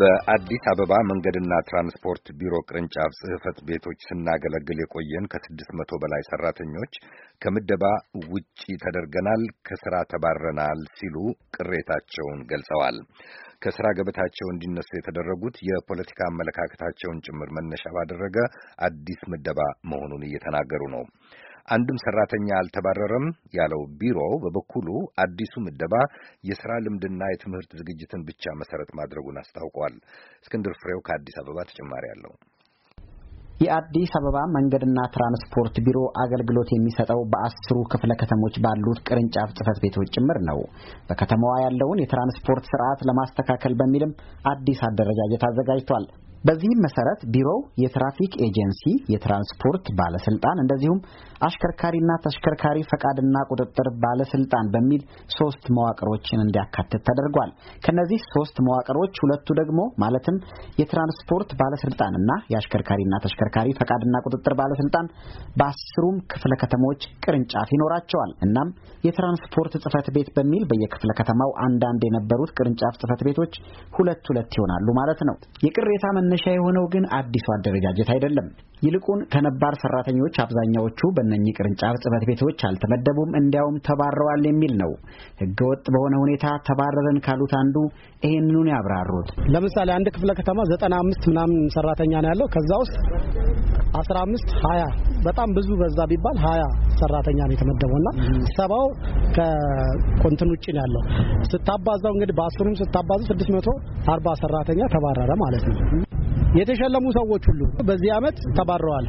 በአዲስ አበባ መንገድና ትራንስፖርት ቢሮ ቅርንጫፍ ጽህፈት ቤቶች ስናገለግል የቆየን ከስድስት መቶ በላይ ሰራተኞች ከምደባ ውጪ ተደርገናል፣ ከስራ ተባረናል ሲሉ ቅሬታቸውን ገልጸዋል። ከስራ ገበታቸው እንዲነሱ የተደረጉት የፖለቲካ አመለካከታቸውን ጭምር መነሻ ባደረገ አዲስ ምደባ መሆኑን እየተናገሩ ነው። አንድም ሰራተኛ አልተባረረም ያለው ቢሮ በበኩሉ አዲሱ ምደባ የሥራ ልምድና የትምህርት ዝግጅትን ብቻ መሰረት ማድረጉን አስታውቋል። እስክንድር ፍሬው ከአዲስ አበባ ተጨማሪ አለው። የአዲስ አበባ መንገድና ትራንስፖርት ቢሮ አገልግሎት የሚሰጠው በአስሩ ክፍለ ከተሞች ባሉት ቅርንጫፍ ጽህፈት ቤቶች ጭምር ነው። በከተማዋ ያለውን የትራንስፖርት ስርዓት ለማስተካከል በሚልም አዲስ አደረጃጀት አዘጋጅቷል። በዚህም መሰረት ቢሮው የትራፊክ ኤጀንሲ፣ የትራንስፖርት ባለስልጣን እንደዚሁም አሽከርካሪና ተሽከርካሪ ፈቃድና ቁጥጥር ባለስልጣን በሚል ሶስት መዋቅሮችን እንዲያካትት ተደርጓል። ከነዚህ ሶስት መዋቅሮች ሁለቱ ደግሞ ማለትም የትራንስፖርት ባለስልጣንና የአሽከርካሪና ተሽከርካሪ ፈቃድና ቁጥጥር ባለስልጣን በአስሩም ክፍለ ከተሞች ቅርንጫፍ ይኖራቸዋል። እናም የትራንስፖርት ጽህፈት ቤት በሚል በየክፍለ ከተማው አንዳንድ የነበሩት ቅርንጫፍ ጽህፈት ቤቶች ሁለት ሁለት ይሆናሉ ማለት ነው። የቅሬታ መነሻ የሆነው ግን አዲሱ አደረጃጀት አይደለም። ይልቁን ከነባር ሰራተኞች አብዛኛዎቹ በእነኚህ ቅርንጫፍ ጽህፈት ቤቶች አልተመደቡም፣ እንዲያውም ተባረዋል የሚል ነው። ህገወጥ በሆነ ሁኔታ ተባረረን ካሉት አንዱ ይህንኑን ያብራሩት። ለምሳሌ አንድ ክፍለ ከተማ ዘጠና አምስት ምናምን ሰራተኛ ነው ያለው። ከዛ ውስጥ አስራ አምስት ሀያ በጣም ብዙ በዛ ቢባል ሀያ ሰራተኛ ነው የተመደበውና ሰባው ከኮንትን ውጭ ነው ያለው። ስታባዛው እንግዲህ በአስሩም ስታባዛው ስድስት መቶ አርባ ሰራተኛ ተባረረ ማለት ነው። የተሸለሙ ሰዎች ሁሉ በዚህ ዓመት ተባረዋል።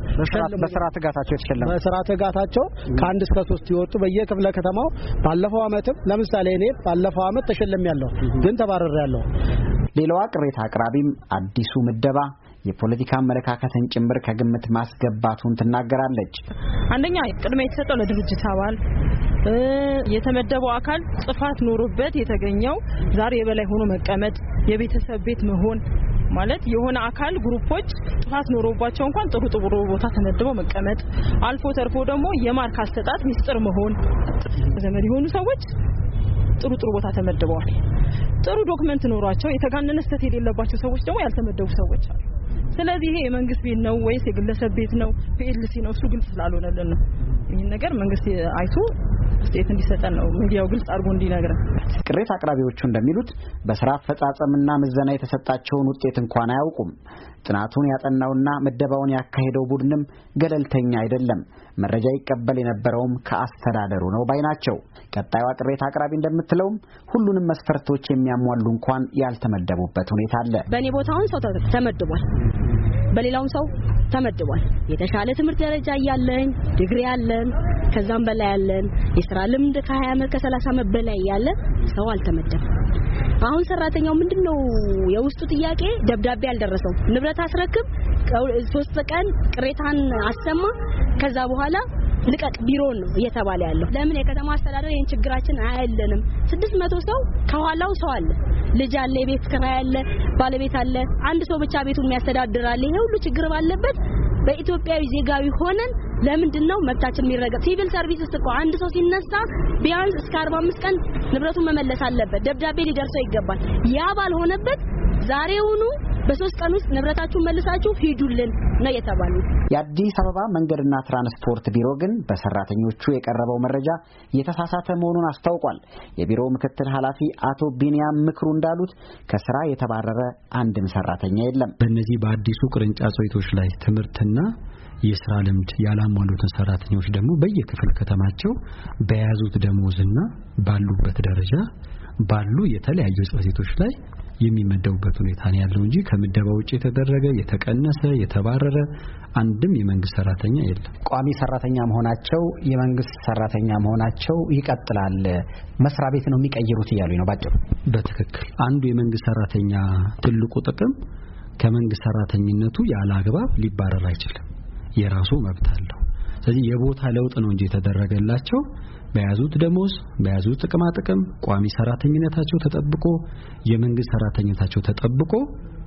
በስራ ትጋታቸው የተሸለሙ በስራ ትጋታቸው ከአንድ እስከ ሶስት የወጡ በየክፍለ ከተማው ባለፈው ዓመትም ለምሳሌ እኔ ባለፈው ዓመት ተሸለም ያለው ግን ተባረር ያለው። ሌላዋ ቅሬታ አቅራቢም አዲሱ ምደባ የፖለቲካ አመለካከትን ጭምር ከግምት ማስገባቱን ትናገራለች። አንደኛ ቅድሚያ የተሰጠው ለድርጅት አባል የተመደበው አካል ጥፋት ኖሮበት የተገኘው ዛሬ የበላይ ሆኖ መቀመጥ፣ የቤተሰብ ቤት መሆን ማለት የሆነ አካል ግሩፖች ጥፋት ኖሮባቸው እንኳን ጥሩ ጥሩ ቦታ ተመድበው መቀመጥ፣ አልፎ ተርፎ ደግሞ የማርክ አሰጣጥ ሚስጥር መሆን ዘመድ የሆኑ ሰዎች ጥሩ ጥሩ ቦታ ተመድበዋል። ጥሩ ዶክመንት ኖሯቸው የተጋነነ ስህተት የሌለባቸው ሰዎች ደግሞ ያልተመደቡ ሰዎች አሉ። ስለዚህ ይሄ የመንግስት ቤት ነው ወይስ የግለሰብ ቤት ነው ፒኤልሲ ነው እሱ ግልጽ ስላልሆነልን ነው። ይህን ነገር መንግስት አይቶ ስቴት እንዲሰጠን ነው ሚዲያው ግልጽ አድርጎ እንዲነግረን። ቅሬታ አቅራቢዎቹ እንደሚሉት በስራ አፈጻጸምና ምዘና የተሰጣቸውን ውጤት እንኳን አያውቁም። ጥናቱን ያጠናውና ምደባውን ያካሄደው ቡድንም ገለልተኛ አይደለም። መረጃ ይቀበል የነበረውም ከአስተዳደሩ ነው ባይ ናቸው። ቀጣዩዋ ቅሬታ አቅራቢ እንደምትለውም ሁሉንም መስፈርቶች የሚያሟሉ እንኳን ያልተመደቡበት ሁኔታ አለ። በእኔ ቦታውን ሰው ተመድቧል፣ በሌላውም ሰው ተመድቧል። የተሻለ ትምህርት ደረጃ እያለኝ ዲግሪ ያለን ከዛም በላይ ያለን የስራ ልምድ ከ20 አመት ከ30 አመት በላይ ያለ ሰው አልተመደበም። አሁን ሰራተኛው ምንድነው የውስጡ ጥያቄ ደብዳቤ አልደረሰው ንብረት አስረክብ፣ ሶስት ቀን ቅሬታን አሰማ፣ ከዛ በኋላ ልቀቅ ቢሮን ነው እየተባለ ያለው። ለምን የከተማ አስተዳደር ይህን ችግራችን አያለንም? ስድስት መቶ ሰው ከኋላው ሰው አለ፣ ልጅ አለ፣ የቤት ክራይ አለ፣ ባለቤት አለ። አንድ ሰው ብቻ ቤቱን የሚያስተዳድር አለ። ይሄ ሁሉ ችግር ባለበት በኢትዮጵያዊ ዜጋዊ ሆነን ለምንድን ነው መብታችን የሚረገጥ? ሲቪል ሰርቪስ እኮ አንድ ሰው ሲነሳ ቢያንስ እስከ 45 ቀን ንብረቱን መመለስ አለበት፣ ደብዳቤ ሊደርሰው ይገባል። ያ ባልሆነበት ዛሬውኑ በሶስት ቀን ውስጥ ንብረታችሁን መልሳችሁ ሂዱልን ነው የተባሉ። የአዲስ አበባ መንገድና ትራንስፖርት ቢሮ ግን በሰራተኞቹ የቀረበው መረጃ የተሳሳተ መሆኑን አስታውቋል። የቢሮው ምክትል ኃላፊ አቶ ቢንያም ምክሩ እንዳሉት ከስራ የተባረረ አንድም ሰራተኛ የለም። በእነዚህ በአዲሱ ቅርንጫፍ ቤቶች ላይ ትምህርትና የስራ ልምድ ያላሟሉትን ሰራተኞች ደግሞ በየክፍል ከተማቸው በያዙት ደሞዝና ባሉበት ደረጃ ባሉ የተለያዩ ጽሕፈት ቤቶች ላይ የሚመደቡበት ሁኔታ ነው ያለው እንጂ ከምደባ ውጭ የተደረገ የተቀነሰ የተባረረ አንድም የመንግስት ሰራተኛ የለም። ቋሚ ሰራተኛ መሆናቸው የመንግስት ሰራተኛ መሆናቸው ይቀጥላል። መስሪያ ቤት ነው የሚቀይሩት እያሉ ነው ባጭሩ። በትክክል አንዱ የመንግስት ሰራተኛ ትልቁ ጥቅም ከመንግስት ሰራተኝነቱ ያለ አግባብ ሊባረር አይችልም። የራሱ መብት አለው። ስለዚህ የቦታ ለውጥ ነው እንጂ የተደረገላቸው በያዙት ደሞዝ፣ በያዙት ጥቅማጥቅም ቋሚ ሰራተኝነታቸው ተጠብቆ የመንግስት ሰራተኝነታቸው ተጠብቆ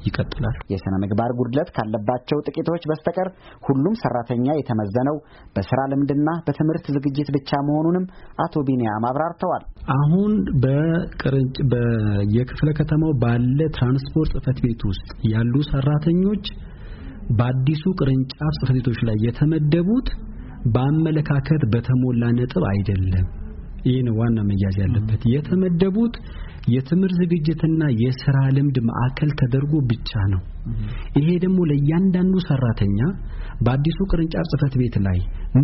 ይቀጥላል። የሥነ ምግባር ጉድለት ካለባቸው ጥቂቶች በስተቀር ሁሉም ሰራተኛ የተመዘነው በስራ ልምድና በትምህርት ዝግጅት ብቻ መሆኑንም አቶ ቢኒያም አብራርተዋል። አሁን በቅርንጭ በየክፍለ ከተማው ባለ ትራንስፖርት ጽህፈት ቤት ውስጥ ያሉ ሰራተኞች በአዲሱ ቅርንጫፍ ጽህፈት ቤቶች ላይ የተመደቡት በአመለካከት በተሞላ ነጥብ አይደለም። ይህን ዋና መያዝ ያለበት። የተመደቡት የትምህርት ዝግጅትና የስራ ልምድ ማዕከል ተደርጎ ብቻ ነው። ይሄ ደግሞ ለእያንዳንዱ ሰራተኛ በአዲሱ ቅርንጫፍ ጽህፈት ቤት ላይ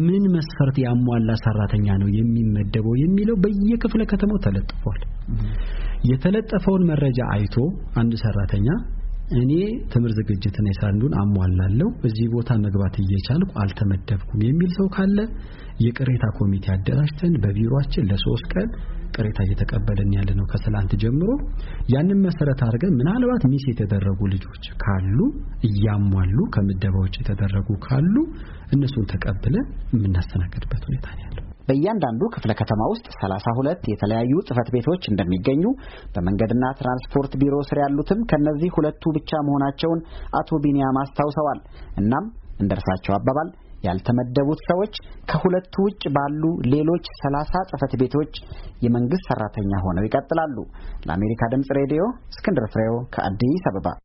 ምን መስፈርት ያሟላ ሰራተኛ ነው የሚመደበው የሚለው በየክፍለ ከተማው ተለጥፏል። የተለጠፈውን መረጃ አይቶ አንድ ሰራተኛ እኔ ትምህርት ዝግጅትና የሳንዱን አሟላለሁ እዚህ ቦታ መግባት እየቻልኩ አልተመደብኩም የሚል ሰው ካለ የቅሬታ ኮሚቴ አደራጅተን በቢሮአችን ለሶስት ቀን ቅሬታ እየተቀበልን ያለ ነው ከትላንት ጀምሮ። ያንን መሰረት አድርገን ምናልባት ሚስ የተደረጉ ልጆች ካሉ እያሟሉ ከምደባ ውጭ የተደረጉ ካሉ እነሱን ተቀብለን የምናስተናግድበት ሁኔታ ነው ያለው። በእያንዳንዱ ክፍለ ከተማ ውስጥ ሰላሳ ሁለት የተለያዩ ጽህፈት ቤቶች እንደሚገኙ በመንገድና ትራንስፖርት ቢሮ ስር ያሉትም ከነዚህ ሁለቱ ብቻ መሆናቸውን አቶ ቢኒያም አስታውሰዋል። እናም እንደ እርሳቸው አባባል ያልተመደቡት ሰዎች ከሁለቱ ውጭ ባሉ ሌሎች ሰላሳ ጽህፈት ቤቶች የመንግስት ሰራተኛ ሆነው ይቀጥላሉ። ለአሜሪካ ድምጽ ሬዲዮ እስክንድር ፍሬው ከአዲስ አበባ።